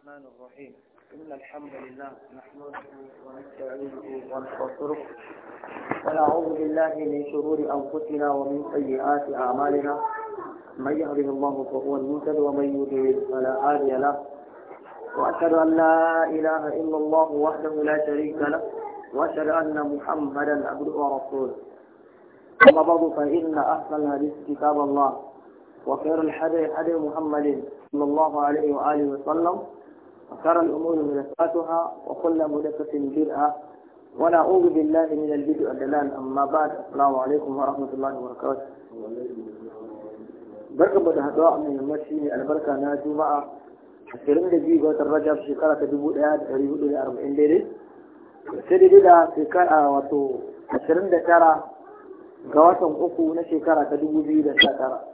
الرحمن الرحيم إن الحمد لله نحمده ونستعينه ونستغفره ونعوذ بالله من شرور أنفسنا ومن سيئات أعمالنا من يهده الله فهو المهتد ومن يضلل فلا هادي له وأشهد أن لا إله إلا الله وحده لا شريك له وأشهد أن محمدا عبده ورسوله أما بعد فإن أحسن الحديث كتاب الله وخير الحديث حديث محمد صلى الله عليه وآله وسلم وشر الأمور محدثاتها وكل محدثة بدعة ونعوذ بالله من البدع والضلال أما بعد السلام عليكم ورحمة الله وبركاته barka da haɗuwa a mai yammaci ne albarka na juma'a ashirin da biyu ga watan rajab shekara ta dubu ɗaya da ɗari hudu da arba'in daidai sai daidai da shekara wato ashirin da tara ga watan uku na shekara ta dubu biyu da sha tara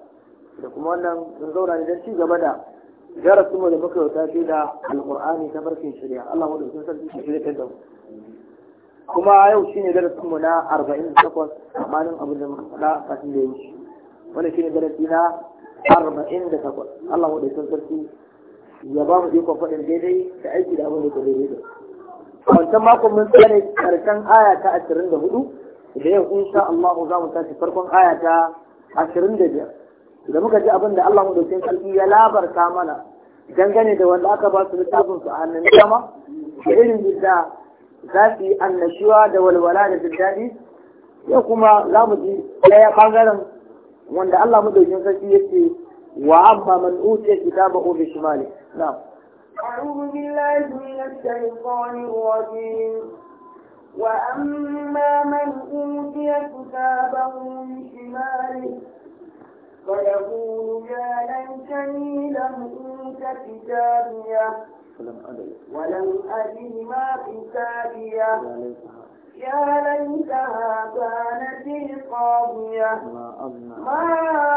da kuma wannan sun zauna ne don ci gaba da darasin mu da muka ta da alƙur'ani ta barkin shari'a Allah mu da sun san shi shirya da kuma yau shine darasin mu na 48 amanin abin da muka faɗa kafin da wannan shine darasi na 48 Allah mu da sun san ya ba mu ikon faɗin daidai da aiki da abin da ke daidai da wancan makon mun tsare karshen aya ta 24 da yau insha Allah za mu tashi farkon aya ta 25 da muka ji abin da Allah mu dokin sarki ya labarta mana dangane da wanda aka ba su littafin su a hannun dama da irin da za su yi annashuwa da walwala da jin ya kuma za mu ji ɗaya ɓangaren wanda Allah mu dokin sarki ya ce wa amma man uce kitaba ubi shimali na أعوذ بالله من الشيطان الرجيم وأما من أوتي كتابه بشماله ويقول يا ليتني لم أوت كتابيه ولم أدر ما كتابيه يا ليتها كانت القاضية ما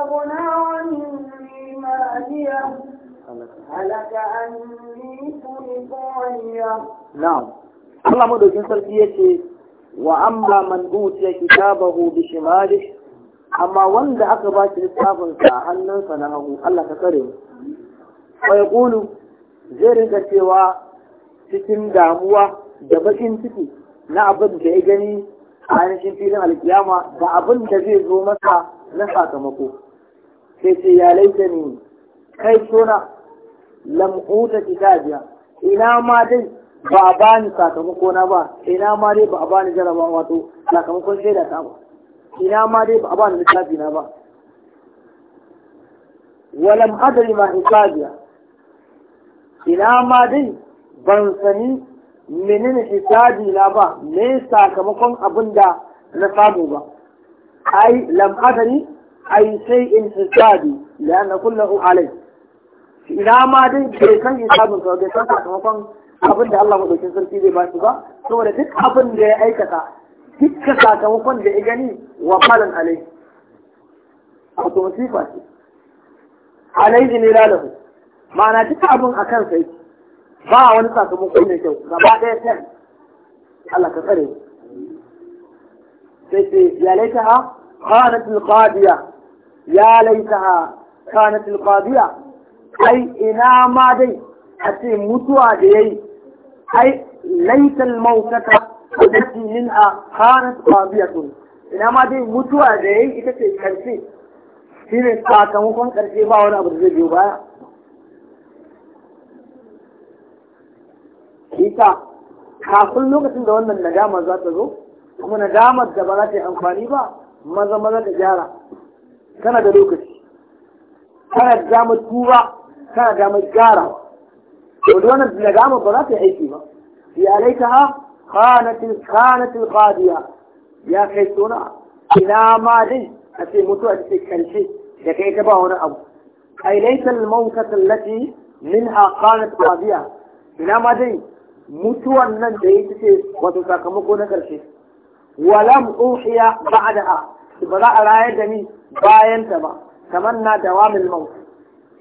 أغنى عني مالية هلك عني سلطانية نعم Allah madaukin sarki ya ce wa amma man utiya kitabahu bi shimalihi amma wanda aka ba shi littafin sa hannunsa na hagu Allah ka kare mu kulu zai rinka cewa cikin damuwa da bakin ciki na abin da ya gani a ainihin filin alkiyama da abin da zai zo masa na sakamako sai ce ya laita ne kai sona lamhuta kitabiya ina ma dai ba a bani sakamako na ba ina ma dai ba a bani jarabawa wato sakamakon shaida ta ba ina ma dai ba a ba ni littafi na ba walam adri ma hisabiya ina ma dai ban sani menene hisabi na ba me sakamakon abin da na samu ba ai lam adri ai sai in hisabi la na kullu alai ina ma dai bai san hisabin ka bai san sakamakon abin da Allah madaukin sarki zai ba shi ba saboda duk abin da ya aikata dukka sakamakon da ya gani wa falon alai wato masifa ce Alai ne lalahu ma'ana duka abin a kan sai ba wani sakamakon mai kyau gaba ɗaya ten Allah ka tsare sai ce ya laita ha kanat alqadiya ya laita ha kanat alqadiya ai ina ma dai a ce mutuwa da yayi ai laita almautata wadatti min a kanat qabiyatun ina ma dai mutuwa da yayi ita ce karshe shine sakamakon karshe ba wani abu da zai biyo baya Isa kafin lokacin da wannan nadama za ta zo kuma nadamar da ba za ta yi amfani ba maza maza ta gyara tana da lokaci tana da damar tura tana da damar gyara to da wannan nadamar ba za ta yi aiki ba ya alaika ha خانة خانة القاضية يا كيسونا إلى ما دي أتي متو أتي كنشي لكي تباهنا أبو أي ليس الموتة التي منها خانة قاضية إلى ما دي متو أنن دي تتي وتساكمكو نكرشي ولم أوحي بعدها بلا راية جميل باين تبا تمنى دوام الموت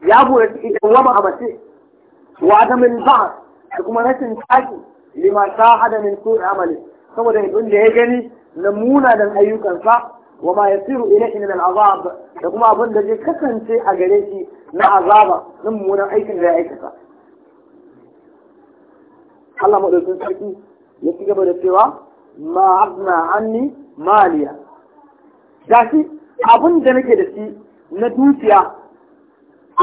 يا أبو يتوما أمسي وعدم البعث كما نسن تاكي lima shahada min su'i amali saboda abin da ya gani na munanan ayyukansa wa ma yasiru ilayhi min al'azab da kuma abin da zai kasance a gare shi na azaba na munan aikin da ya aikata Allah madaukin sarki ya ci gaba da cewa ma abna anni maliya shi abin da nake da shi na dukiya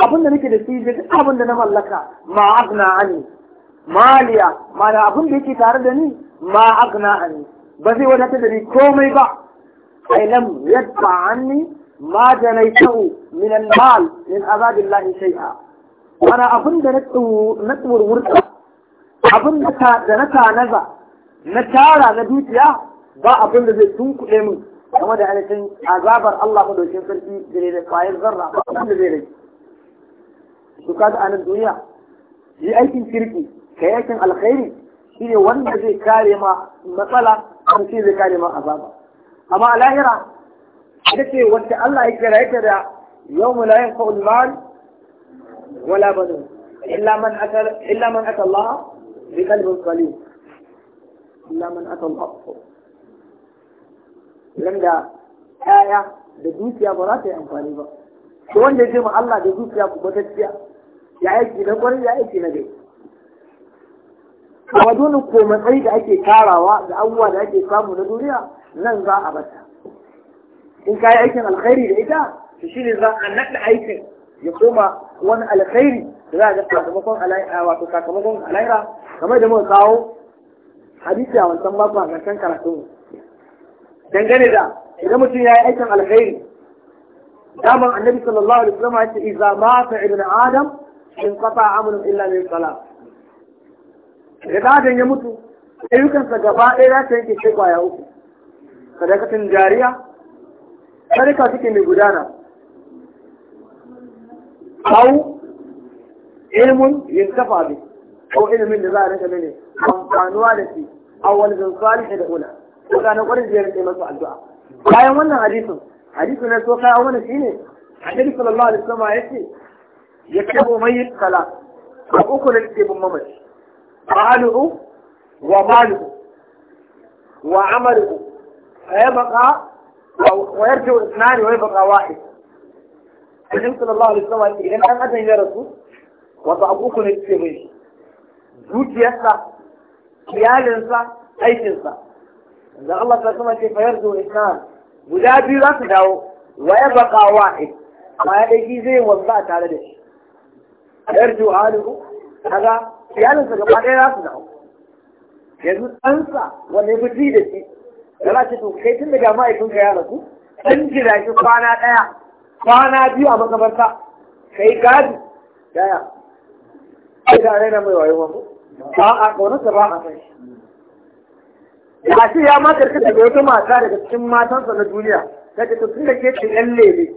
abin da nake da shi da abin da na mallaka ma abna anni maliya mana abin da yake tare da ni ma agna ani ba zai wadatar da ni komai ba ai lam yadfa anni ma janaytahu min al-mal min azabillahi shay'a mana abin da na tsurwurta abin da na tanaza na tara na dukiya ba abin da zai tunkuɗe min game da ainihin azabar Allah madaukin sarki da da kwayar zarra ba abin da zai rage. Su kaga a nan duniya, yi aikin kirki, كياكن الخيري إذا ونزي كارما مثلا ونزي كارما أبابا أما لا يرى لكي وانت الله يكرا يكرا يوم لا ينفع المال ولا بد إلا من أتى إلا من أتى الله بقلب صليب إلا من أتى الله لم آية دجوت يا برات يا أمفاني شو اللي جمع الله دجوت يا بطت يا يا إيش نقول يا إيش نقول Kuma dole ko matsayi da ake tarawa da abubuwa da ake samu na duniya nan za a bata in kayi aikin alkhairi da ita to shine za a naɗa aikin ya koma wani alkhairi da za a ga sakamakon alaira wato sakamakon alaira kamar da muka kawo hadisi a wancan mako a wancan karatun dangane da idan mutum ya yi aikin alkhairi daman annabi sallallahu alaihi wasallam ya ce idza mata ibnu adam in qata amalu illa min salat da ɗan ya mutu ayyukansa gaba ɗaya za ta yanke sai uku sadakatin jariya sadaka suke mai gudana au ilmin yin tafa bi ko ilimin da za a rinka mene amfanuwa da shi a wani zan da ula ko da na kwarin ziyarar masu addu'a bayan wannan hadisin hadisin na so kai wani shine annabi sallallahu alaihi wasallam ya ce ya mai yi sala a uku da ke bin mamaci أهله وماله وعمله فيبقى ويرجع اثنان ويبقى واحد النبي صلى الله عليه وسلم إذا أن أتى إلى رسول وضعفوكم السبيل zuciyarsa iyalinsa aikinsa da Allah ta sama ce fayar zo islam guda biyu za su dawo wa ya baka wahid amma ya ɗaki zai wanzu a tare da shi yarju alihu kaga iyalinsa gaba ɗaya za su dawo yanzu ɗansa wanda ya fi da shi da za to kai tun daga ma'aikinka ya rasu ɗan jira shi kwana ɗaya kwana biyu a makabarta kai gadi daya ai da raina mai wayo wani ba a ƙaunarsa ba a san shi ya ce ya ma karkata da wata mata daga cikin matansa na duniya ta ce to tun da ke ce ɗan lele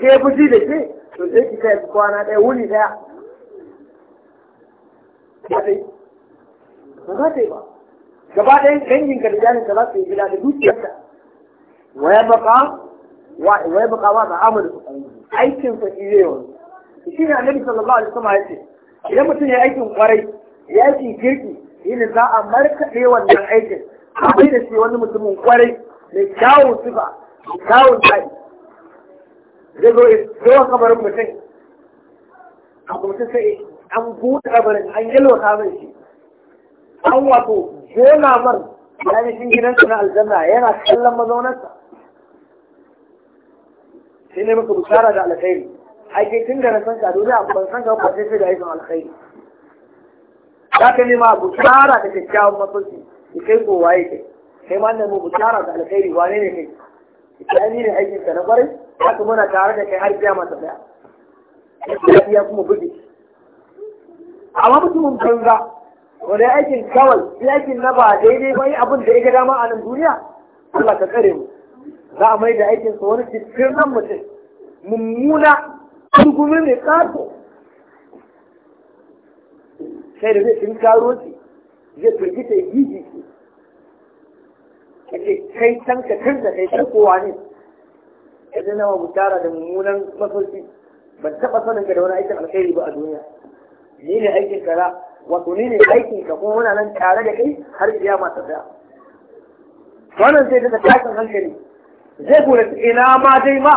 ke fushi da ke to sai ki kai kwana ɗaya wuni ɗaya kadai ba za ta yi ba gaba ɗayan dangin ka da iyalin ka za su yi gida da dukiyar ka waya baka waya baka ma da amur aikin sa shi zai wani shi ne annabi sallallahu alaihi wasallam ya ce idan mutum ya aikin kwarai ya aikin kirki yin za a markaɗe wannan aikin akwai da shi wani mutumin kwarai mai kyawun sifa kyawun tsari zai zo ya zo kabarin mutum a kuma sai an buɗe kabarin an yalwata mai shi an wato jona man ainihin gidansa na aljanna yana kallon mazaunarsa shi ne muka bukara da alkhairi ake tun da rasan san ka a ban san ka kwace sai da aikin alkhairi za ka nema bukara da kyakkyawan mafarki ki kai ko waye kai kai ma nemo bukara da alkhairi wane ne kai islami ne aikin ka na kwarai haka muna tare da kai har biya masa daya ya kuma buɗe amma mutumin banza wani aikin kawai aikin na ba daidai ba abin da ya ga dama a nan duniya Allah ka tsare mu za a mai da aikin sa wani cikin nan mutum mummuna gurgumi mai kato sai da zai tun karo shi zai firgita gigi shi Ka ce kai can ka kan da kai can kowa ne ka zai nawa butara da mummunan mafarki ban taɓa sanin ka da wani aikin alkhairi ba a duniya ni ne aikin kaza wato ni ne aikin ka kuma muna nan tare da kai har iya masu tsaya wannan zai daga tashin hankali zai kula ina ma dai ma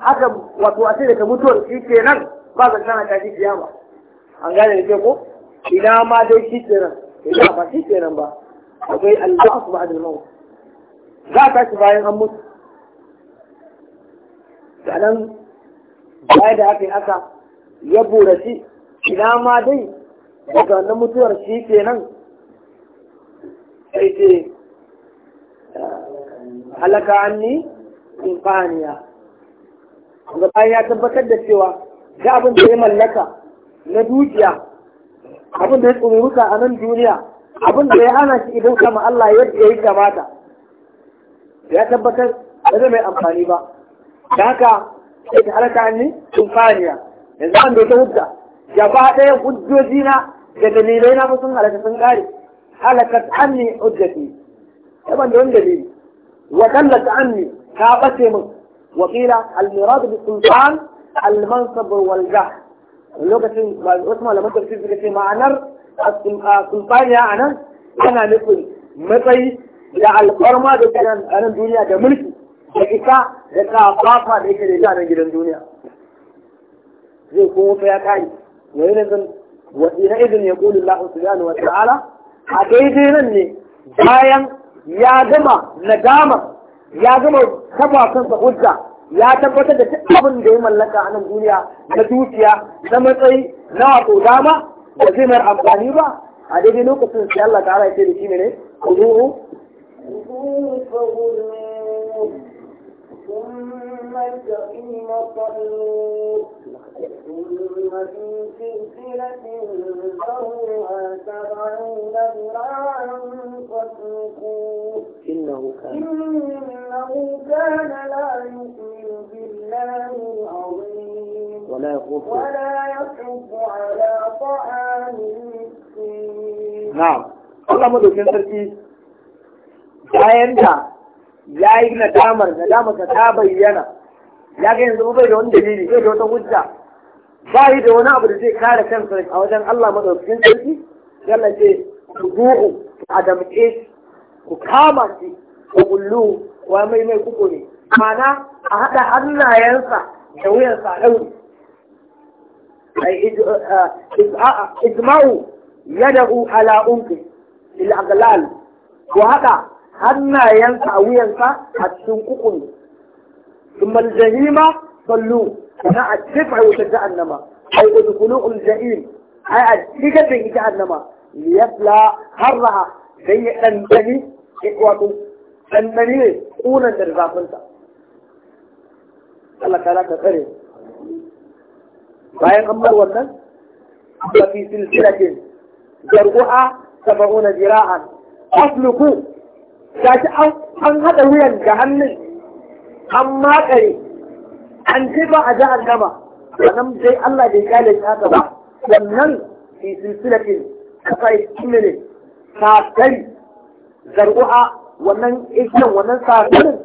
haka wato a sai da ka mutuwar shi ke nan, ba ka tana siya kiyama an gane da ke ko ina ma dai shi ke nan ina ba shi ke nan ba akwai su ba a dalmawa. za a tashi bayan an mutu nan bayan da aka yi aka ya burashi ina ma dai daga wannan mutuwar shi ke nan, sai ce halaka anni infaniya ga bayan ya tabbatar da cewa ga abin da ya mallaka na dukiya abin da ya tsururuka a nan duniya abin da ya hana shi idan kama Allah yadda ya kamata ya tabbatar da zai mai amfani ba da haka sai ta halaka anni infaniya yanzu an da ta hudda gaba ɗaya hujjojina da dalilai na sun halaka sun ƙare halakat anni hujjati yaban da wani dalili wa dallat anni ka bace min wa qila al murad bi sultan al mansab wal jah lokacin wasu malaman tafsir suka ce ma'anar sultan ya anan ana nufin matsayi da alfarma da gidan nan duniya da mulki da isa da kafafa da yake da gidan duniya zai kuma ya kai. yayin wa ina idin ya kuli Allah subhanahu wa ta'ala a daidai nan ne bayan ya gama nadama ya zama kafa kansa hujja ya tabbatar da duk abin da ya mallaka a nan duniya na dukiya na matsayi na wato da zai mai amfani ba a daidai lokacin sai Allah ta ala da shi ne ne ku ثم الجحيم صلوا ثم في سلسلة a إنه كان إنه كان لا يؤمن بالله العظيم ولا يخوف ولا يخوف على طعام المسكين نعم Allah madaukin sarki bayan da ya yi nadamar nadamar ta bayyana ya ga yanzu bai da wani dalili sai da wata hujja ba yi da wani abu da zai kare kansa a wajen Allah madaukakin sarki yalla ce ku duhu ku adamke ku kama shi ku kullu, wa mai mai kuku ne mana a haɗa hannayensa da wuyansa a ɗauri ijma'u yadahu ala unki lil aghlal ku haɗa hannayensa a wuyansa a cikin kukun ثم الجهيمة صلوه na a wutar ta'an nama. ai udkhulu al-jahim ai a shiga da jahannama liyafla harra dan ya dandani wato Ɗanɗani ne kunan da zafinta Allah ta ka tsare bayan an bar wannan ba fi silsilatin jar'u'a sab'una jira'an asluku ci an hada wuyan ga hannun an makare an ce ba a jahannama sannan dai Allah bai kyale shi haka ba sannan fi silsilatin kasai ta sakari zarguwa wannan ikiyan wannan sakarin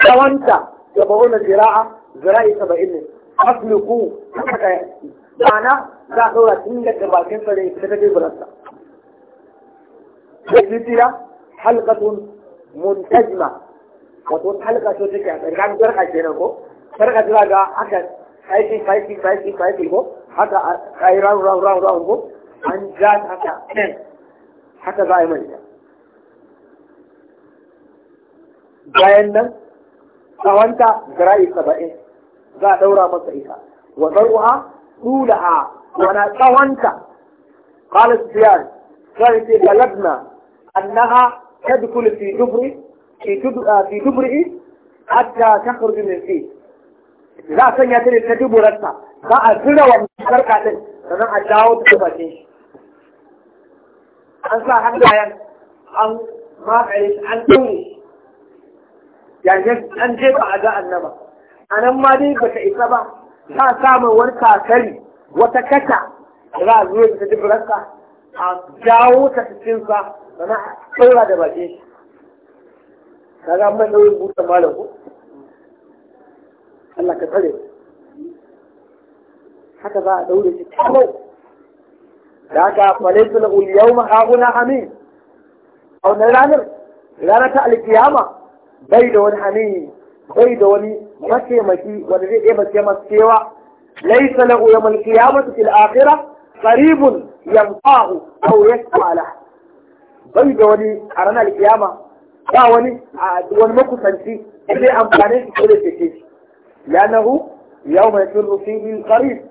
tsawanta da wani zira'a zira'i saba'in ne asliku ma'ana za a ɗora tun da bakin sa da ta teburansa da silsila halkatun muntajma wato halka ce take a tsakanin garka kenan ko sarka jira ga aka kaiti kaiti kaiti kaiti ko haka kai round round round round ko an ja haka haka za a yi mai bayan nan tsawanta zira'i saba'in za a ɗaura masa ita wa zarwa tulaha wana tsawanta qala sufyan sai ce balagna annaha tadkhulu fi dubri fi dubri hatta takhruju min fi za a sanya ta ne ta duburarsa za a zira wa sarka da sannan a dawo da bakin shi an sa hannayen an makare shi an ɗaure yanzu an jefa a ga annaba a nan ma dai ba ta isa ba Za a samun wani kakari wata kata za a zuwa ta duburarsa a dawo ta cikinsa sannan a ɗaura da bakin shi kaga an nauyin buɗe malam ko الله كفره حتى بقى دولة تتحمل لك فليس نقول اليوم هاغنا حميم او نرانر لانا تعلي قيامة بيد والحميم بيد والي مكي مكي ونريد ايه مكي مكي ليس له يوم القيامة في الآخرة قريب ينفعه او يسمع له بيد والي ارانا القيامة لا والي آه، ونمكو سنسي اللي امكانيش كل الفتيش لأنه يوم يفر فيه القريب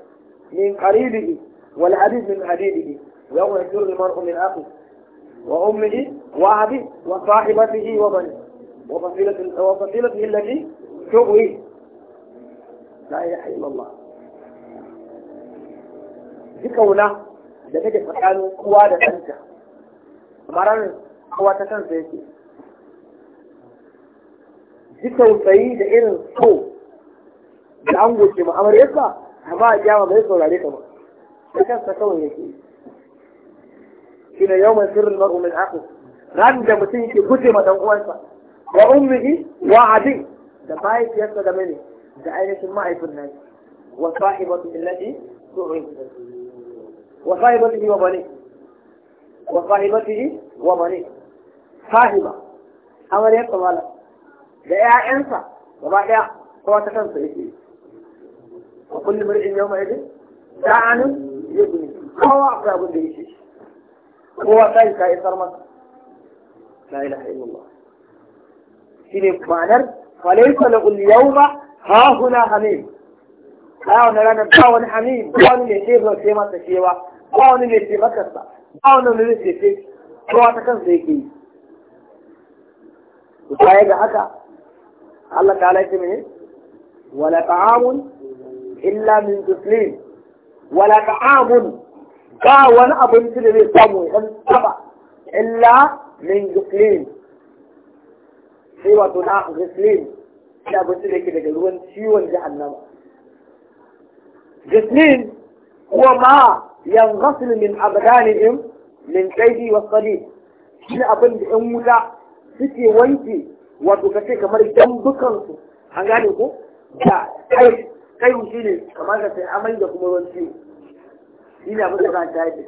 من قريبه والعديد من عديده يوم يفر المرء من أخيه وأمه وأبيه وصاحبته وبنيه وفصيلته, التي تغوي لا إله إلا الله ذكرنا da take tsakanin kowa da ɗanta marar kowa ta kansa yake ji da an goce ma amaryarsa ba a kiyama bai saurare ka ba da kansa kawai yake shi ne yau mai sirrin mar'u min aku ran da mutum yake guje ma dan uwansa wa ummihi wa abin da mahaifiyarsa da mene da ainihin ma'aifin nan wa sahibatu illati su'in wa sahibatihi wa bani wa sahibatihi wa bani sahiba amaryarsa malam da 'ya'yansa gaba ɗaya kowa ta kansa yake wa kullu mar'in yawma idin da'anun yabni kowa akwai abin da yake kowa kai ka isar masa la ilaha illallah shine ma'anar falaysa lahu al-yawma ha huna hamim a wani ranar ba wani hamim ba wani mai shefar masa shewa ba wani mai shefakarsa ba wani mai shefe kowa ta kansa yake yi baya da haka Allah ta halatta mene wala ta'amun illa min tuslin wala ta'amun ba wani abinci da zai samu ya dan taba illa min tuslin sai wato na tuslin shi abinci da yake daga ruwan ciwon jahannama tuslin kuwa ma yangasul min ne min kaidi wa sadi shi abin da yan wuta suke wanke wato kace kamar dambukansu an gane ko da kai kai shi ne kamar ka sai amai da kuma ruwan ciwo shi ne abin da za ta yi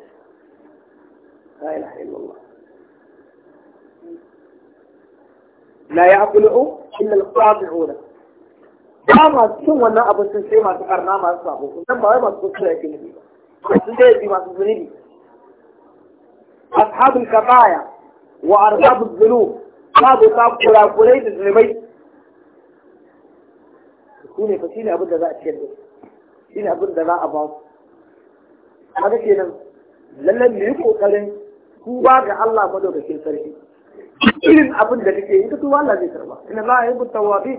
la ilaha illallah la ya'kulu illa al-qati'un ba ma cin wannan abin sun sai masu karna masu sabo kusan ba wai masu kuskure yake ne ba sun dai bi masu zunubi ashabul kabaya wa arhabul dhunub babu ta kurakurai da zulmai su ne fa shi ne abin da za a ciyar da su shi ne abin da za a ba su kaga nan, lallai mu yi kokarin tuba ga Allah madaukakin sarki irin abin da kake yi ka tuba Allah zai karba inna la yuhibbu tawabi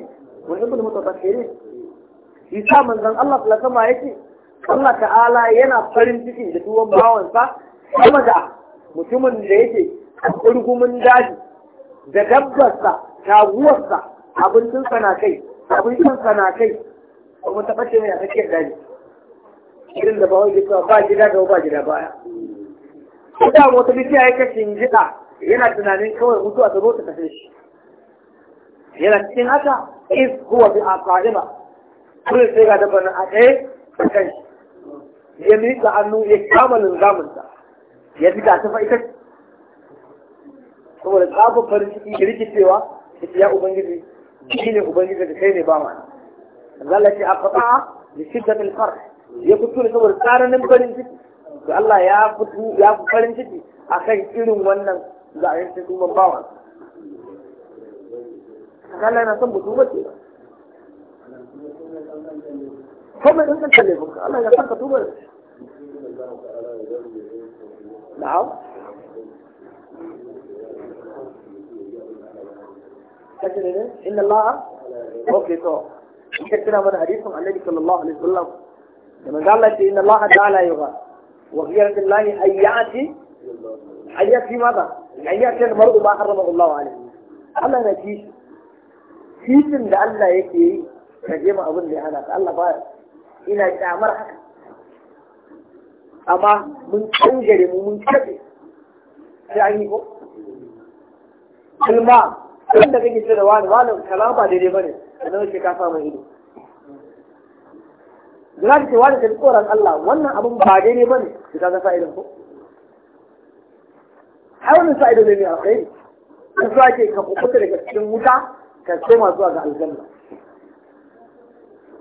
wa mutatakhirin shi yasa manzon Allah sallallahu alaihi yake Allah ta'ala yana farin ciki da tuwon bawansa kuma da mutumin da yake kurgumin daji da dabbarsa taguwarsa abincinsa na kai abin kansa na kai kuma taɓa ce mai a tsakiyar daji irin da bawai gisa ba gida da ba gida baya ko da wata bishiya ya kashe jiɗa yana tunanin kawai mutu a zo ta kashe shi yana cikin haka is huwa bi ba. kullum sai ga dabbar a ɗaya, a kan shi ya miƙa hannu ya kama linzaminsa ya ji ta tafa ita saboda tsabon farin ciki rikicewa ita ya ubangiji shi ne ubangiji da kai ne ba ma zalla ce a faɗa da shiddatul farh ya fito ne saboda tsananin farin ciki da Allah ya fito ya fi farin ciki akan irin wannan za'ayin ta tuban bawa Allah na son mutum ba ce ba komai ɗin kan ba, Allah ya san ka tuba da shi na'am كثير إن الله أوكي تو كثير من حديثهم النبي صلى الله عليه وسلم لما قال لك إن الله تعالى يغى وغيرة الله أياتي أياتي أن يأتي ماذا؟ أن المرء ما حرمه الله عليه أنا نجيش titin da Allah yake yi ka je ma abin da ya hana ka Allah ba ina kyamar haka amma mun kangare mu wanda kake ce da wani wani kaza ba daidai bane sannan sai ka samu ido da za ka ce wani ka tsoron Allah wannan abin ba daidai bane sai ka ga fa'idan ko har wani fa'idan ne mai alkhairi in so ke ka kuɓuta daga cikin wuta ka koma zuwa ga aljanna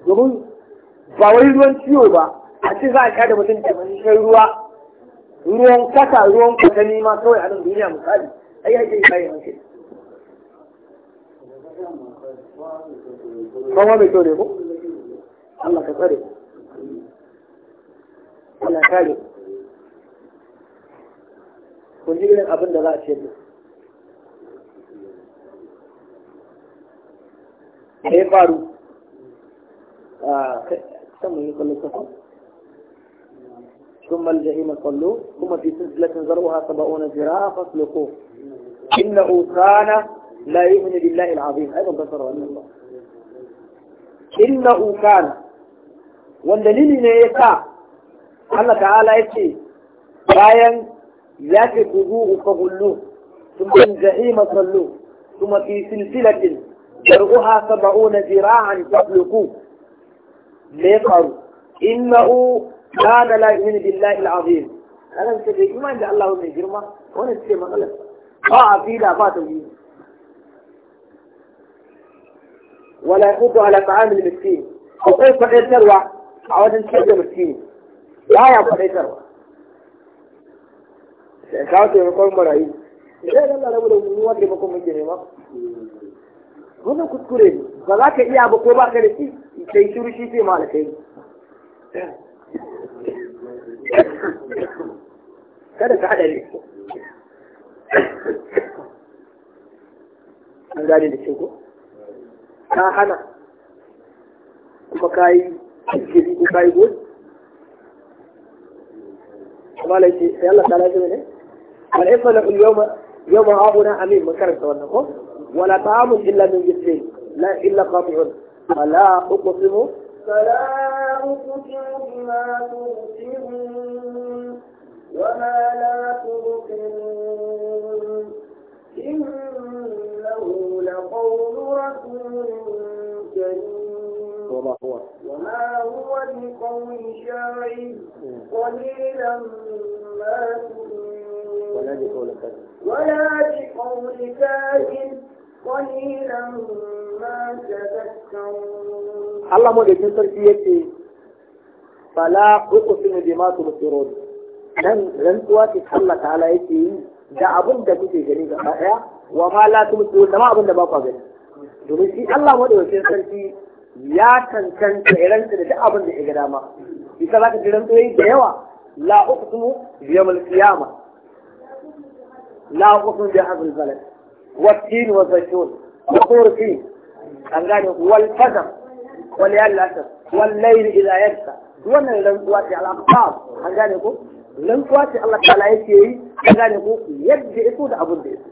domin ba wai ruwan ciwo ba a ce za a kada mutum da manishin ruwa ruwan kasa ruwan kwatani ma kawai a nan duniya misali ai ake yi bayan shi قوامي توري بو الله كفري الله كاري كنت يقولين أبن دغاء شيء هي قارو آه كم من يقول ثم الجحيم صلوا ثم في سلسلة ذروها سبعون ذراع فاسلقوه إنه كان لا يؤمن بالله العظيم أيضا ذكر أن الله إنه كان والدليل يسع الله تعالى يتي باين يأتي قبوه فغلوه ثم الجحيم صلوه ثم في سلسلة درعها سبعون ذراعا تطلقوه ليقر إنه كان لا يؤمن بالله العظيم أنا مستقيم ما عند الله من جرمه وأنا استقيم غلط آه في لا فاتوا ولا يحض على طعام المسكين akwai kwaɗe tarwa a wajen ciyar da miskini ba ya kwaɗe tarwa sai kawo taimakon marayu idan yana rabu da mu wanda taimakon muke nema wannan kuskure ba za ka iya ba ko ba ka da shi sai shiru shi sai malakai kada ka haɗa ne an gane ka hana kuma ka yi shiri ko ka yi gudu kuma da ce sai Allah ta'ala shi ne wal ifala al yawma yawma hauna amin mun karanta wannan ko wala ta ta'amun illa min jisrin la illa qati'un uku uqsimu fala uqsimu bima tusirun وما لا تبصرون كريم وما هو وما هو بقول شاعر قليلا ما ولا بقول كاذب قليلا ما تذكرون الله مدجن تربيتي fala uqsimu bima tubsirun nan rantsuwa ce Allah ta'ala yake yi da abin da kuke gani gaba daya wa ma la tubsirun da ma abin da ba ku gani domin shi Allah madawacin sarki ya cancanta iransa da duk abin da ya ga dama isa za ka ji rantsoyi da yawa la uqsimu bi yawmil qiyamah la uqsimu bi hadhal balad wa tin wa zaytun wa tur tin an gane wal fajr wal yal asr wal layl idha yasha wannan rantsuwa ce al aqsam an gane ko rantsuwa ce Allah ta'ala yake yi an gane ko yadda yake da abin da yake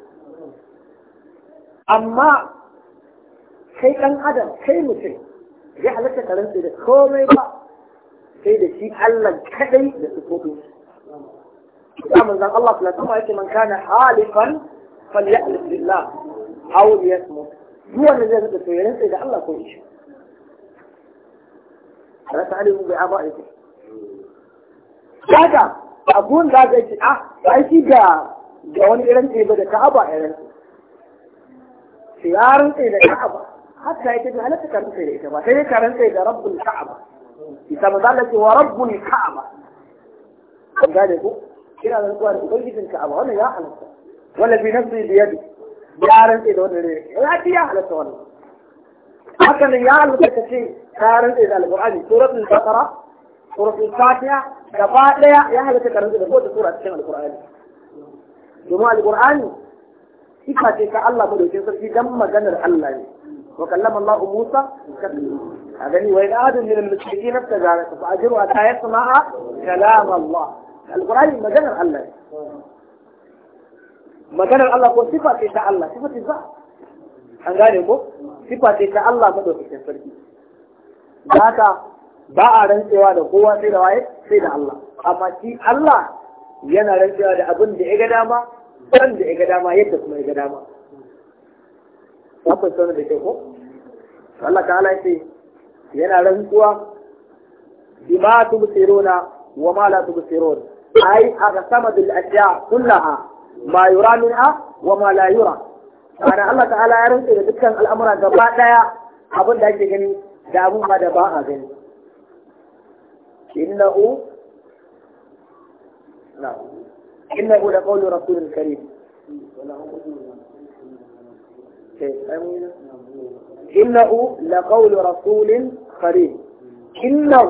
amma kai ɗan adam kai mutum ya halatta ka rantse da komai ba sai da shi Allah kadai da sufofin shi ya manzan Allah su lantarki yake man kana halifan falyahlif billah aw yasmut duk wanda zai da to ya rantse da Allah ko shi rasa alimu bai aba aiki kaga abun da zai ci ah ai shi ga ga wani irin tebe da ka'aba irin shi ya rantse da ka'aba حتى يتجه لا تكرم سيدة إتبا سيدة كرم سيدة رب الكعبة يسمى ذلك ورب الكعبة قال يقول كنا نقول أبيد الكعبة وانا يا حلسة ولا في نفسي بيدي يعلم إذا وانا ليك لكن يا حلسة وانا حتى يا حلسة كشي كارن إذا القرآن سورة البقرة سورة الفاتحة كفاء ليا يا حلسة كرم إذا قلت سورة الشمع القرآن جمع القرآن إذا تلك الله مدوكين صرفي جمع جنر الله وكلم الله موسى أغني وإن أحد من المشركين ابتدعك فأجروا حتى يسمع كلام الله القرآن مجانا الله مجانا الله هو صفة تاع الله صفة الذات an gane ko sifa ce ta Allah madaukakin sarki haka ba a rantsewa da kowa sai da waye sai da Allah amma shi Allah yana rantsewa da abin da ya ga dama ban da ga dama yadda kuma ya ga dama an fahimta wani da kyau ko Allah ta'ala yace yana rantsuwa bima tubsiruna wa ma la tubsirun ai sama bil asya kullaha ma yura minha wa ma la yura ana Allah ta'ala ya rantsu da dukkan al'amura gaba daya abin da ake gani da abin ma da ba a gani innahu na innahu da qawlu rasulul karim إنه لقول رسول قريب إنه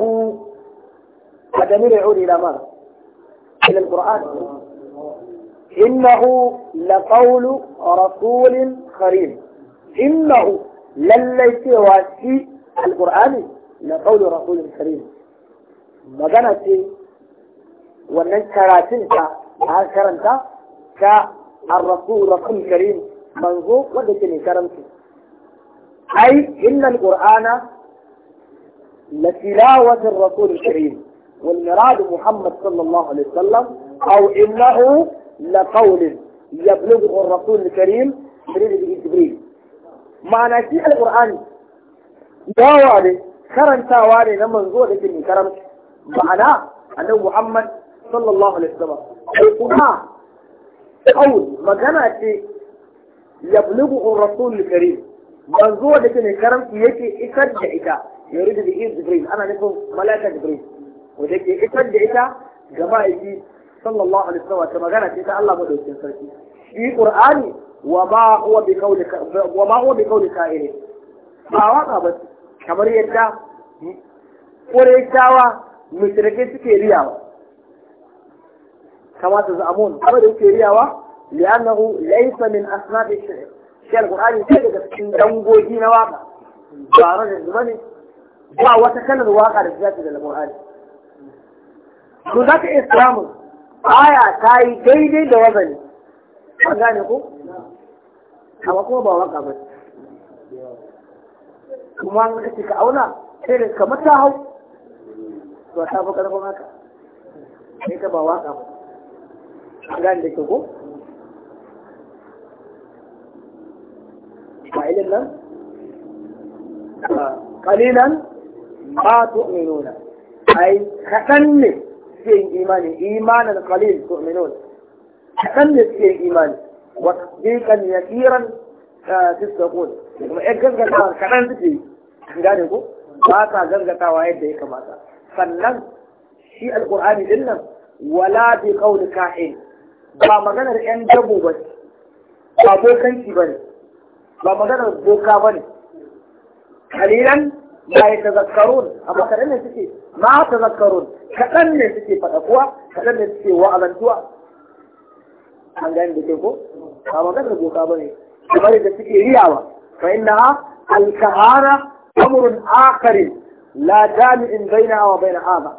الضمير يعود إلى ما إلى القرآن إنه لقول رسول قريب إنه لليس واسي القرآن لقول رسول كريم magana ce wannan karatun ta an karanta ta ar manzo wanda ke mai karamci ai innal qur'ana la tilawatir rasul karim wal mirad muhammad sallallahu alaihi wasallam aw innahu la qawl yablughu ar-rasul al-karim jibril ma'ana shi al-qur'ani dawa ne karantawa ne na manzo da ke mai karamci ma'ana annabi muhammad sallallahu alaihi wasallam ai kuma qawl magana ce yablughu ar-rasul al-karim manzo da ke karamci yake isar da ita yuridu bi jibril ana nufin malaka jibril wanda ke isar da ita ga ma'aiki sallallahu alaihi wasallam ta magana ce ta Allah madaukakin sarki shi qur'ani wa ma huwa bi qawli wa ma huwa bi qawli ka'iri ba waka ba kamar yadda qurayshawa mushrike suke riyawa kamata su amun kamar da suke riyawa لأنه ليس من أسماء الشعر شعر القرآن يتجد في دنجوجين واقع فأرجع الزمن وتكلم الواقع الذات للقرآن لذلك إسلام آية تاي جيدة لوزني an gane ko? amma kuma ba waka ba kuma an kace ka auna sai da kamar ta hau to ta fi karfin haka fa'ilin nan qalilan ma tu'minuna ai kaɗan ne suke yin imani imanin qalil tu'minun kaɗan ne suke yin imani wa tasdiqan yasiran tasdaqun kuma ai gaggatawa kaɗan suke yi gane ko ba ka gaggatawa yadda ya kamata sannan shi alqur'ani din nan wala bi qawli kahin ba maganar yan dabo ba abokan abokanci bane ba maganar boka ba ne kalilan ma ya tazakkarun amma kaɗan ne suke ma tazakkarun kaɗan ne suke faɗakuwa kaɗan ne suke wa'azantuwa an gani da ke ko ba maganar boka ba ne kamar da suke riyawa fa inna alkahana amrun akharin la jami'in bainaha wa bain hada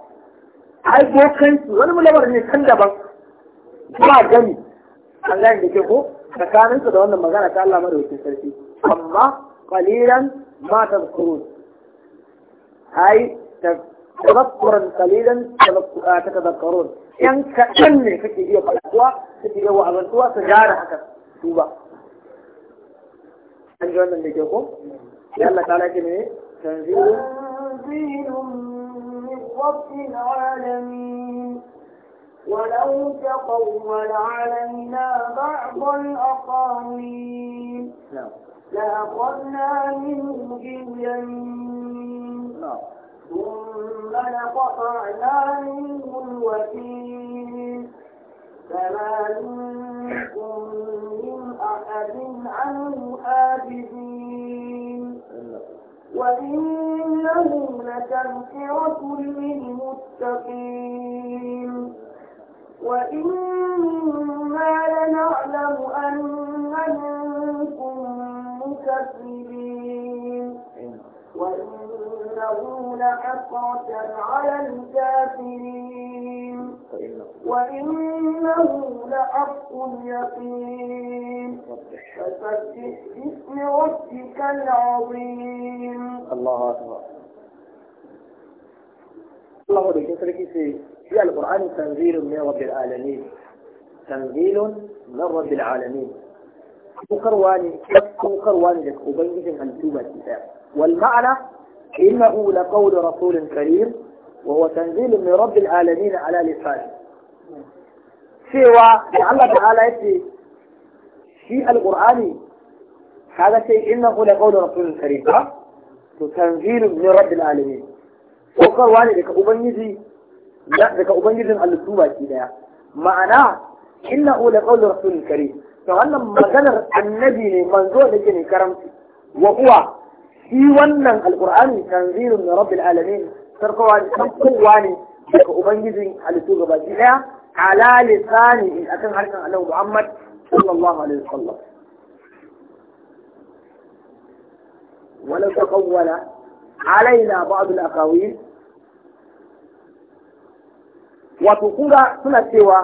ai bokanci wani mulamar ne kan daban ba gani an gani da ke ko tsakaninsu da wannan magana ta Allah madaukakin sarki amma qalilan ma tadhkurun ai tadhkurun qalilan tadhkurun yan kaɗan ne kake iya faɗuwa kake iya wa'azantuwa su gyara haka su ba an ji wannan da ke ko sai Allah ta lafi ne tanzilun tanzilun min rabbil alamin ولو تقول علينا بعض الأقاويل نعم. لأخذنا منه باليمين نعم. ثم لقطعنا منه الوكيل فما منكم من أحد عنه حاجزين وإنه لتذكرة للمتقين وإنا لنعلم أن منكم مكذبين وإنه لحسرة على الكافرين وإنه لحق اليقين فسبح باسم ربك العظيم الله أكبر الله أكبر في القرآن تنزيل من رب العالمين تنزيل من رب العالمين وقرواني وقرواني لك أبيض الكتاب والمعنى إنه لقول رسول كريم وهو تنزيل من رب العالمين على لسانه سوى da تعالى يأتي في القرآن هذا شيء إنه لقول رسول كريم تنزيل من رب العالمين وقرواني لك أبيض لا ذكر أبنجدن على الطوبة كده معنى إنه لقول رسول الكريم فأنا مجدر النبي منذور لجني كرمتي وهو في ونن القرآن تنزيل من رب العالمين سرقواني سرقواني ذكر أبنجدن على الطوبة كده على لساني إن أتنع لك أنه محمد صلى الله عليه وسلم ولو تقول علينا بعض الأقاويل wato kunga suna cewa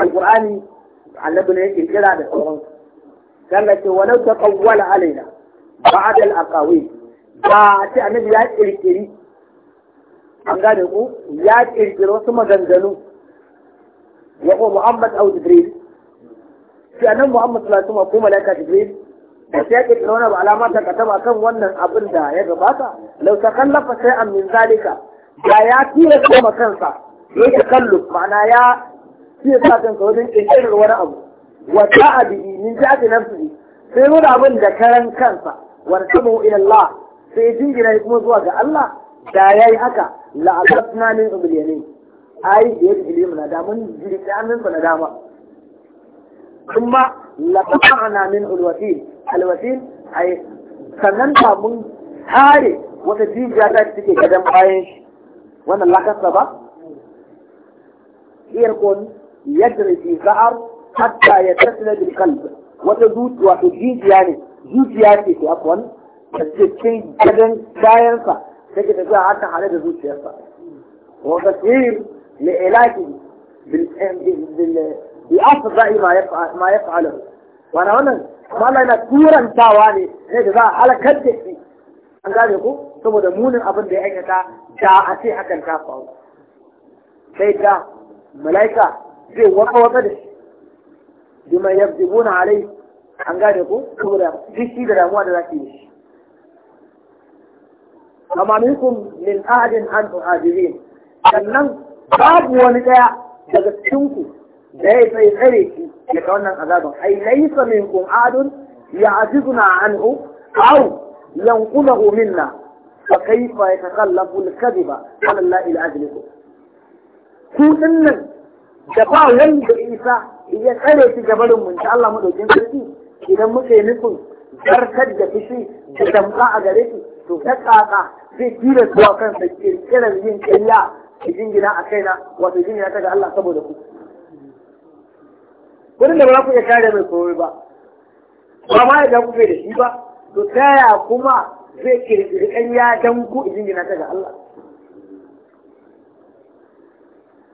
alqur'ani annabi ne yake kira da sauran kalla ce ta kawwala alaina a dal aqawi ba ce annabi ya kirkiri an gane ku ya kirkiri wasu maganganu ya ko Muhammad au Jibril shi annabi Muhammad sallallahu alaihi ko malaika Jibril da sai kirkiri wani alama ta katama kan wannan abin da ya gabata lau kallafa sai an min zalika da ya tilasta kuma kansa ya yi takalluf ma'ana ya fiye sa kansa wajen ƙirƙirar wani abu wata abihi min jati nafsihi sai wani abin da karan kansa wani tabu ila Allah sai jingina kuma zuwa ga Allah da ya yi haka la'abatna min ubuliyani ai da ya ji ilimin na damun jirgin hannunsa na dama ثم لقطعنا منه الوثيل الوثيل أي سننتا من هاري وتجيب جاتا تكي كدم بايش وانا لا ba? irkun yadri fi za'ar hatta ya tasila bil qalb wata zuciya to jijiya ne jijiya ce ko afwan da cikin gadon bayansa take tafiya haka hare da zuciyarsa wa tasir li ilaji bil bil bi afdai ma yaf'al ma yaf'aluhu wana wannan malai na turantawa ne sai da za a halakar da shi an gane ko saboda munin abin da ya aikata da a ce hakan ta faru sai da mala'ika zai waka waka da shi bima yabdibuna alai an gane ko saboda fushi da damuwa da za yi shi amma minkum min ahadin an tuhajirin sannan babu wani daya daga cikinku da ya sai tsare shi daga wannan azabin ai laysa minkum ahadun ya'jizuna anhu aw yanqulahu minna fa kayfa yatakallafu al-kadhiba ala allahi al-ajlikum ku nan da ba da isa ya tsare shi barin mun ta Allah madaukin sarki idan muka yi nufin zartar da fushi da damka a gare shi to ta tsaka zai tira zuwa sarki kiran yin kalla ki jingina a kaina wato jingina ta ga Allah saboda ku wurin da ba ku iya kare mai komai ba ba ma yadda ku da shi ba to ta yaya kuma zai kirkiri ƙarya don ku jingina ta ga Allah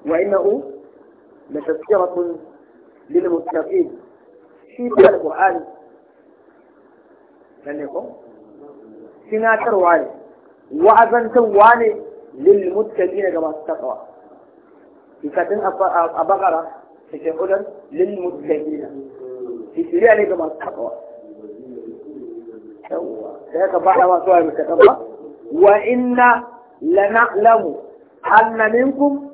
وإنه لتذكرة للمتقين في القرآن لن يكون سناتر وعالي وعزن تواني للمتقين كما استقوى في كتن أبغرة في للمتقين في سريع كما استقوى سيكا بعد ما المتقبة وإن لنعلم أن منكم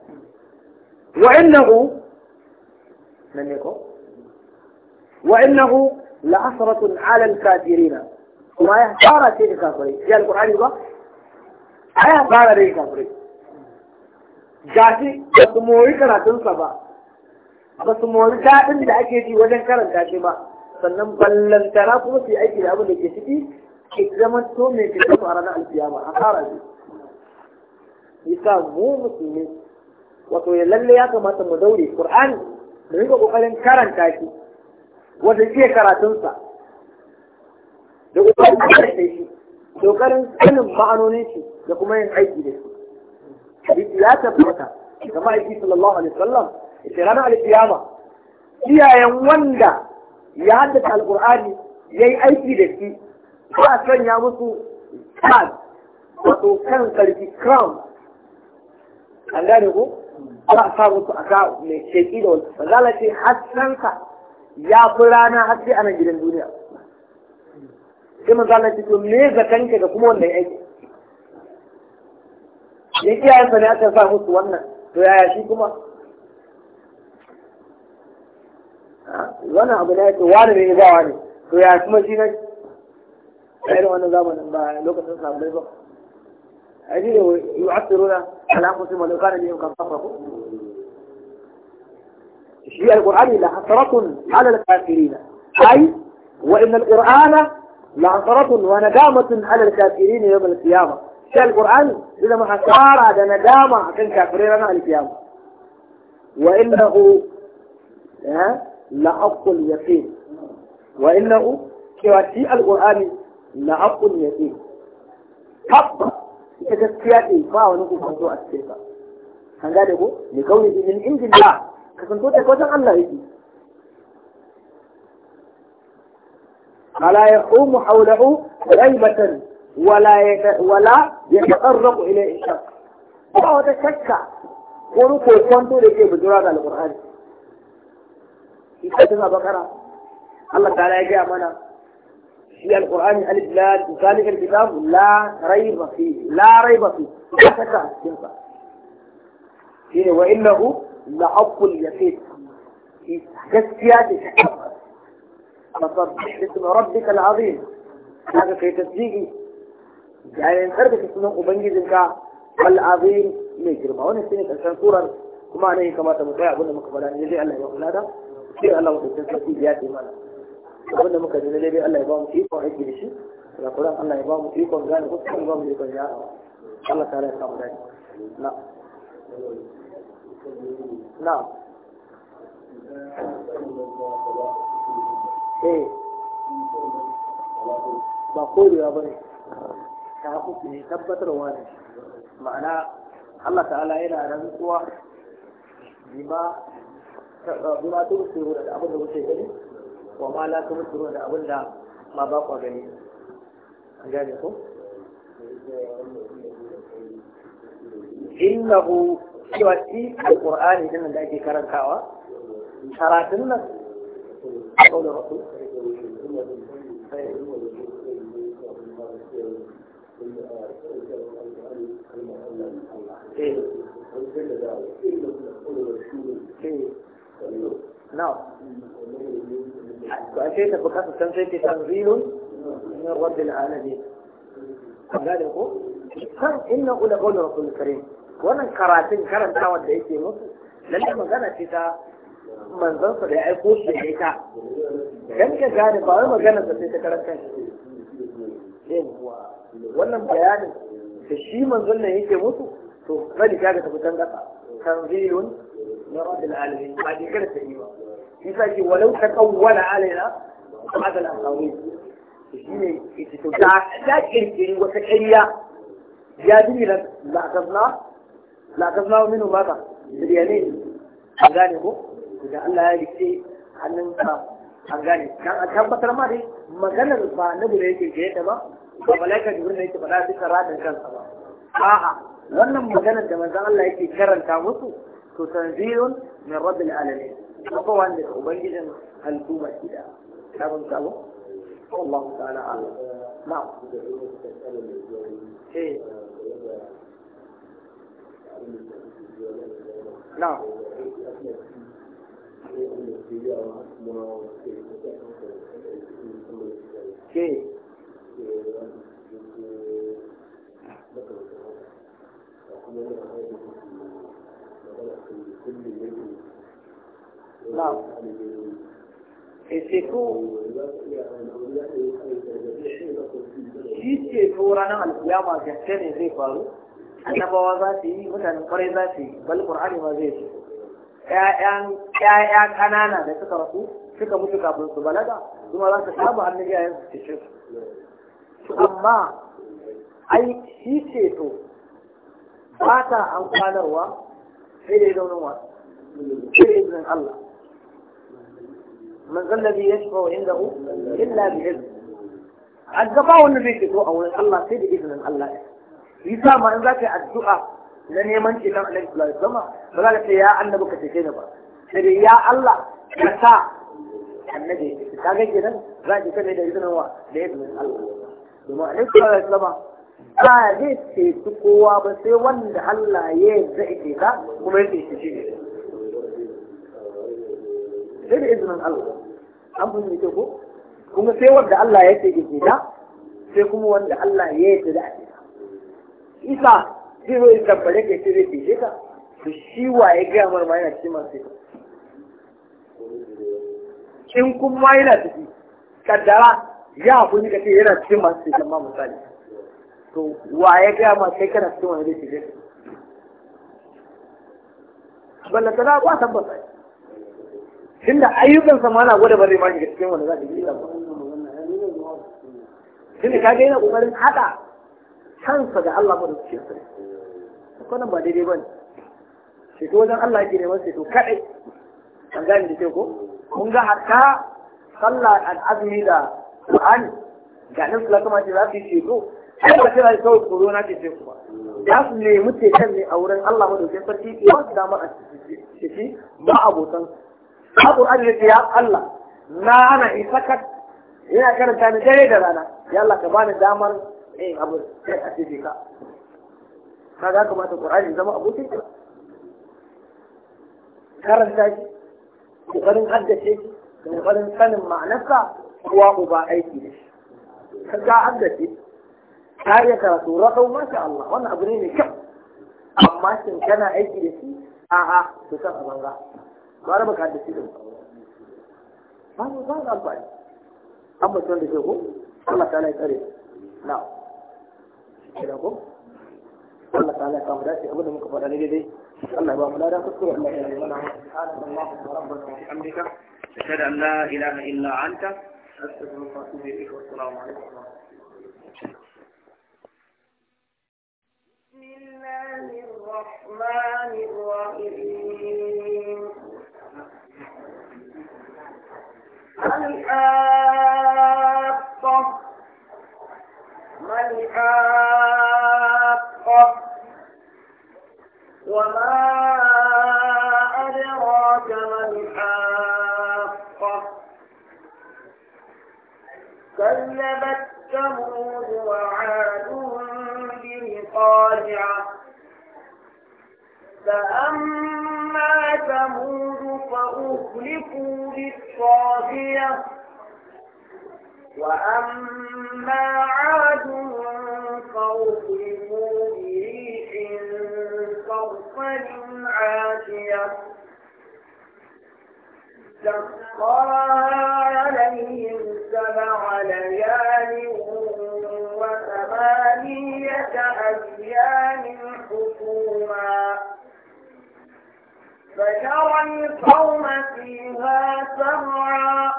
وإنه من يكون وإنه لعصرة على الكافرين وما يهتار في الكافرين في القرآن يقول أيها بارا في الكافرين جاتي بسموه كنا تنصبا بسموه كاتن لأكيدي وجن كنا جاتي ما سنم بلن تراثه في أي كلاب لكيسيتي إكزمان تومي كتاب أرانا نعم القيامة أخارا دي يسا مو مسلمين wato ya lalle ya kamata mu daure Qur'ani mu rika kokarin karanta shi wanda ke karatunsa da kokarin karanta shi kokarin sanin ma'anonin shi da kuma yin aiki da shi hadisi ya tabbata kama aiki sallallahu alaihi wasallam ita ranar alkiyama iyayen wanda ya haddasa ya yi aiki da shi ba a sanya musu kan wato kan karfi crown an gane ko ana sa mutu a mai sheƙi da wani manzala ce ka ya fi rana har a nan gidan duniya sai manzala ce to me zakanka da kuma wannan aiki ya ne iyayensa ne aka sa musu wannan to yaya shi kuma ah, wannan abu ne ake wani ne ba wani to yaya kuma shi ne a da wannan zamanin ba lokacin samun ba الذين يعثرون على أنفسهم ولو كان بهم كفرهم تشبيه القرآن لحسرة على الكافرين أي وإن القرآن لحسرة وندامة على الكافرين يوم القيامة شيء القرآن إذا ما حسارة ندامة على الكافرين على القيامة وإنه حق اليقين وإنه كواتي القرآن حق اليقين حق ita gaskiya ɗin ba wani zo a cikin ka an gane ko ne ɗin ibn injin da kasanto ta kwatan Allah yake ala haula'u hawlahu batan wala wala yataqarrabu ilayhi shakk ba wata shakka ko kwanto da ke bujura da alqur'ani ita tana bakara Allah ta ya gaya mana في القرآن ألف لا ذلك الكتاب لا ريب فيه لا ريب فيه لا شك أسكنك فيه وإنه لحق اليقين في جسياتك فصبح اسم ربك العظيم هذا في تصديقي يعني إن اسمه اسمه أبنجزك العظيم مجرم هون سنة عشان سورة كما عليه كما تبقى يعبون مقبلان يجي الله يقول هذا شيء الله وتسلسل في بيات إيمانه abinda muka ji daidai Allah ya ba mu ikon aiki da shi da Qur'an Allah ya ba mu ikon gane ko kuma ba mu ikon ya Allah ta ya samu dai na na eh ba ba ne ta hukunci ne tabbatarwa ne ma'ana Allah ta'ala yana rantsuwa bima bima tusiru da abin da kuke gani wa ma la ta mutu da abin da ma ba ku gani an gane ko innahu cewa shi alqur'ani din da ake karantawa karatun nan kaulin rasul eh. eh. Now, فأشيء تبقى تستنسيك تنزيل من رب العالمين قال يقول kan inna ula qawli rasul karim wannan karatun karantawa da yake musu lalle magana ce ta manzon sa da ya aiko shi da ita dan ka gane ba wai sai ta karanta shi wannan bayanin da shi manzon nan yake musu to bari gasa na ba ta yi إذا ولو تكون علينا بعد الأقاويل لكن يتتوجع أحداث إنتين وتحية جادلين لاحظنا لاحظنا منه ماذا؟ مليانين أغاني هو إذا قال لها يجب شيء عن ننسى أغاني كان أجاب بطر ماري ما كان الضباء نقول إيه كي جيت أبا وليك أجبرنا إيه تبنا بيك راد الكرن أبا آه وأنا ما كان الضباء نقول إيه كي كرن كاموسو تو تنزيل من رب العالمين akwai wanda ubangijin halittu ba shi da sabon sabo wallahu ta'ala a'lam na'am eh نعم كيف نعم shi ranar alkiyama gaske ne zai faru annabawa za yi mutanen kwarai za su ma zai ce ƴaƴan ƙanana da suka rasu suka mutu kafin su balaga kuma za su kama hannun iyayen su cikin amma amfanarwa sai Allah من ذا الذي يشفع عنده إلا بإذن الزفاء النبي كتو أولا الله سيد إذن الله يسا ما إن الدعاء لن يمن إلا عليه الصلاة والسلام فلا يا النبي كتكين بقى sai ya Allah ka sa annabi ka ga kenan za ki kame da izinin wa da izinin Allah a nufin Allah islama ba zai kowa ba sai wanda Allah ya yarda ita kuma ya ce shi ne sai da izinin Allah an fahimta ko kuma sai wanda Allah ya ce ke ta sai kuma wanda Allah ya yi da ake isa zai zo ya ke sai zai ke ka to shi wa ya gaya mar yana cikin masu ita in kuma yana ciki kaddara ya kuni ka ce yana cikin masu ita ma misali to wa ya gaya ma sai kana cikin wani zai ke ka ballantana ba tabbata tunda ayyukan sa ma na gwada bare ma shiga cikin wanda za ka yi ba tunda ka ga yana kokarin hada kansa da Allah ba da cikin sa ko nan ba daidai ne sai to wajen Allah yake neman sai to kadai an gane da ko kun ga hatta sallah al'azmi da Qur'ani ga nan kula kuma ce za su yi ceto sai ba sai kawai tsoro na ce ku ba za su nemi ceton ne a wurin Allah madaukakin sarki ya ba su damar a ciki ba abotan a an yi ya Allah na ana isa ka ina karanta ni dare da rana ya Allah ka bani damar eh abu sai a ce ka ka ga kamata ƙur'ani zama abokin ka karanta shi ƙoƙarin haddace shi da ƙoƙarin sanin ma'anarsa kuwa uba aiki ne shi ka ga haddace ka iya karatu raɗau masha Allah wannan abu ne mai kyau amma shin kana aiki da shi a'a to san a banza ba baka haddace din ba ba ba da amfani an mutum da ke ko Allah ta lai tsare na kira ko Allah ta lai kamu dace abinda muka faɗa ne daidai Allah ba mu lada kuskure Allah ya yi mana subhanahu rabbana wa bihamdika ashhadu an la ilaha illa anta astaghfiruka wa atubu ilayk wa assalamu alaikum بسم الله الرحمن الرحيم الحاقة ما الحاقة وما أدراك ما الحاقة كذبت ثمود وعاد بالقارعة فأما ثمود فأخلفوا بالطاغية وأما عاد فأخلفوا بريح صرصر عاتية سخرها عليهم سبع ليال وثمانية أيام حكوما فجرى القوم فيها سرعا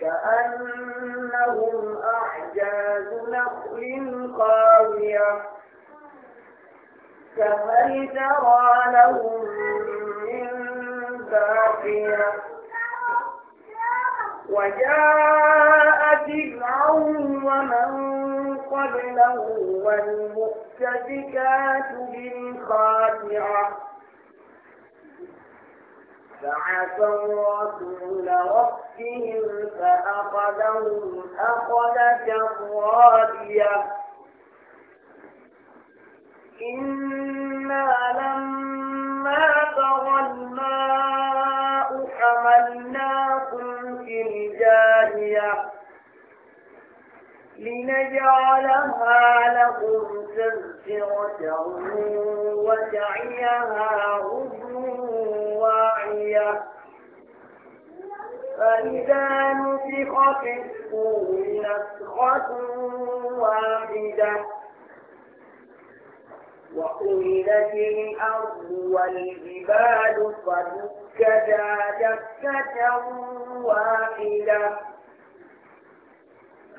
كأنهم أعجاز نخل قاوية فهل ترى لهم من باقية وجاء فرعون ومن قبله والمؤتفكات بالخاطئة فعصوا رسول ربهم فأخذهم أخذة رابية إنا لما طغى الماء حملناكم في الجارية لنجعلها لكم تذكرة وتعيها غدوا واعية فإذا نفخ في الصور نفخة واحدة وحملت الأرض والجبال فدكتا دكة واحدة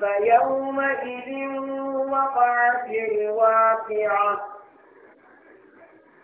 فيومئذ وقعت الواقعة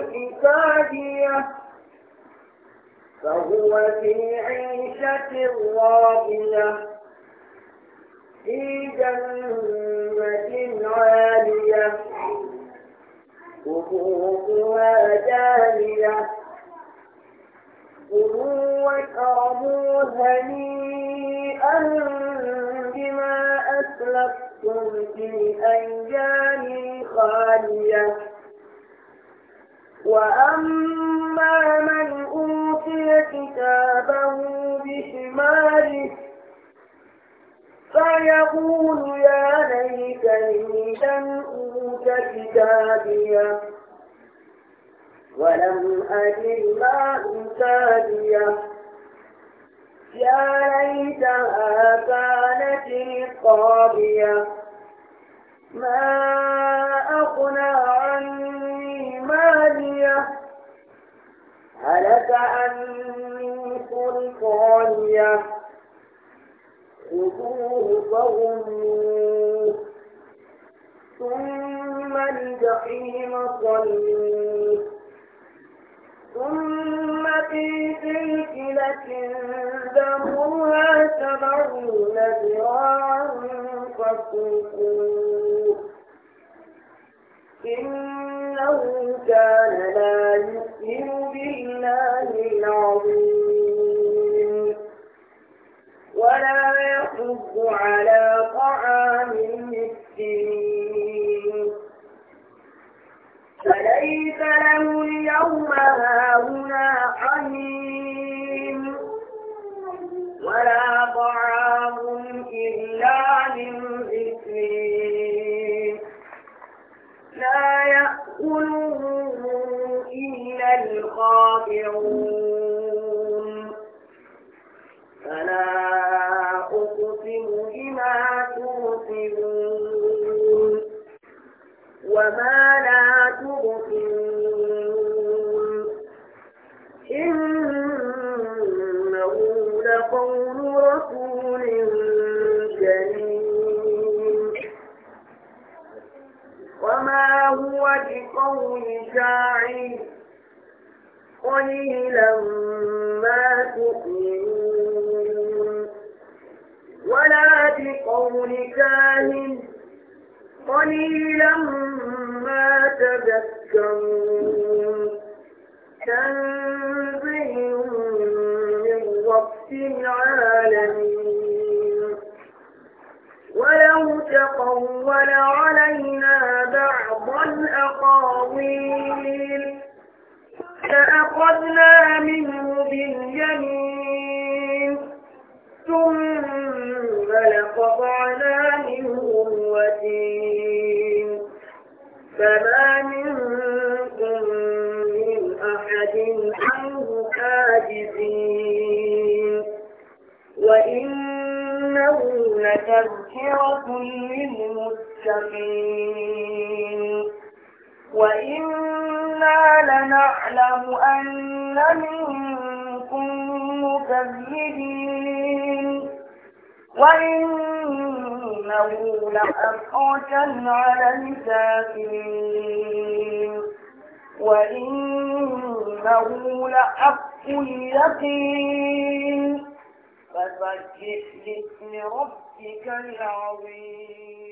حسابيه فهو في عيشة راضية في جنة عالية قبوبها دانية كلوا واشربوا هنيئا بما أسلفتم في أيام خالية وأما من أوتي كتابه بشماله فيقول يا ليتني لم أوت كتابيه ولم أدر ما أتابيه يا ليتها كانت القاضية ما هلك عني سلطانية خذوه فغلوه ثم الجحيم صلوه ثم في سلسلة دمها سبعون ذراعا فاسلكوه إنه كان لا يؤمن بالله العظيم ولا يحض على طعام المسكين فليس له اليوم هاهنا حميم ولا طعام إلا من غسلين الخاسرون فلا أقسم بما توقفون وما لا تبصرون إنه لقول رسول كريم وما هو بقول شاعر قليلا ما تؤمنون ولا بقول كاهن قليلا ما تذكرون تنظيم من رب العالمين ولو تقول علينا بعض الأقاويل لأخذنا منه باليمين ثم لقطعنا منه الوتين فما منكم من أحد عنه حاجزين وإنه لتذكرة للمتقين وإنا لنعلم أن منكم مكذبين وإنه لحقة على الكافرين وإنه لحق اليقين فسبح باسم ربك العظيم